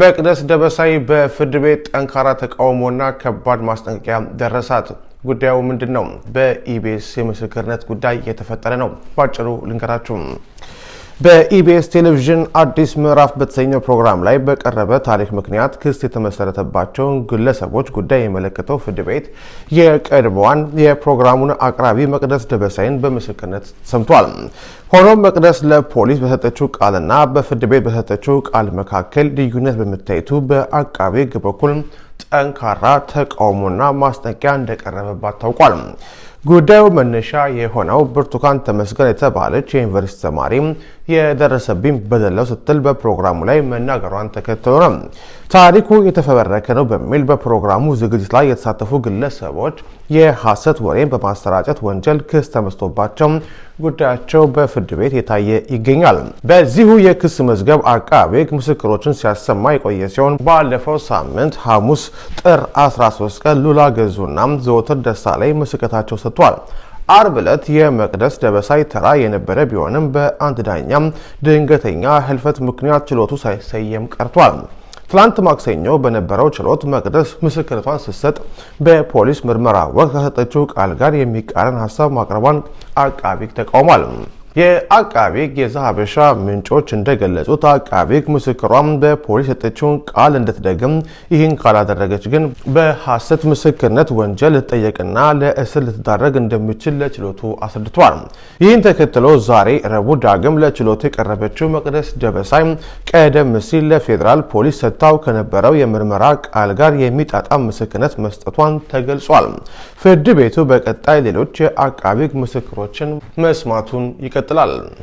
መቅደስ ደበሳይ በፍርድ ቤት ጠንካራ ተቃውሞና ከባድ ማስጠንቀቂያ ደረሳት። ጉዳዩ ምንድን ነው? በኢቢኤስ የምስክርነት ጉዳይ የተፈጠረ ነው። ባጭሩ ልንገራችሁ። በኢቢኤስ ቴሌቪዥን አዲስ ምዕራፍ በተሰኘው ፕሮግራም ላይ በቀረበ ታሪክ ምክንያት ክስ የተመሰረተባቸውን ግለሰቦች ጉዳይ የመለከተው ፍርድ ቤት የቀድሞዋን የፕሮግራሙን አቅራቢ መቅደስ ደበሳይን በምስክርነት ሰምቷል። ሆኖም መቅደስ ለፖሊስ በሰጠችው ቃልና በፍርድ ቤት በሰጠችው ቃል መካከል ልዩነት በመታየቱ በአቃቤ ሕግ በኩል ጠንካራ ተቃውሞና ማስጠንቀቂያ እንደቀረበባት ታውቋል። ጉዳዩ መነሻ የሆነው ብርቱካን ተመስገን የተባለች የዩኒቨርሲቲ ተማሪ የደረሰብኝ በደለው ስትል በፕሮግራሙ ላይ መናገሯን ተከትሎ ነው። ታሪኩ የተፈበረከ ነው በሚል በፕሮግራሙ ዝግጅት ላይ የተሳተፉ ግለሰቦች የሐሰት ወሬን በማሰራጨት ወንጀል ክስ ተመስቶባቸው ጉዳያቸው በፍርድ ቤት የታየ ይገኛል። በዚሁ የክስ መዝገብ አቃቤ ሕግ ምስክሮችን ሲያሰማ የቆየ ሲሆን ባለፈው ሳምንት ሐሙስ ጥር 13 ቀን ሉላ ገዙና ዘወትር ላይ ምስክርነታቸውን ሰጥቷል። አርብ ዕለት የመቅደስ ደበሳይ ተራ የነበረ ቢሆንም በአንድ ዳኛ ድንገተኛ ህልፈት ምክንያት ችሎቱ ሳይሰየም ቀርቷል። ትላንት ማክሰኞ በነበረው ችሎት መቅደስ ምስክርቷን ስትሰጥ በፖሊስ ምርመራ ወቅት ከሰጠችው ቃል ጋር የሚቃረን ሀሳብ ማቅረቧን አቃቢ ተቃውሟል። የአቃቤ ሕግ ምንጮች እንደገለጹት አቃቤ ሕግ ምስክሯም በፖሊስ የሰጠችውን ቃል እንድትደግም ይህን ካላደረገች ግን በሐሰት ምስክርነት ወንጀል ልትጠየቅና ለእስር ልትዳረግ እንደሚችል ለችሎቱ አስረድቷል። ይህን ተከትሎ ዛሬ ረቡዕ ዳግም ለችሎቱ የቀረበችው መቅደስ ደበሳይ ቀደም ሲል ለፌዴራል ፖሊስ ሰጥታው ከነበረው የምርመራ ቃል ጋር የሚጣጣም ምስክርነት መስጠቷን ተገልጿል። ፍርድ ቤቱ በቀጣይ ሌሎች የአቃቤ ሕግ ምስክሮችን መስማቱን ይቀጥላል። இடத்தில்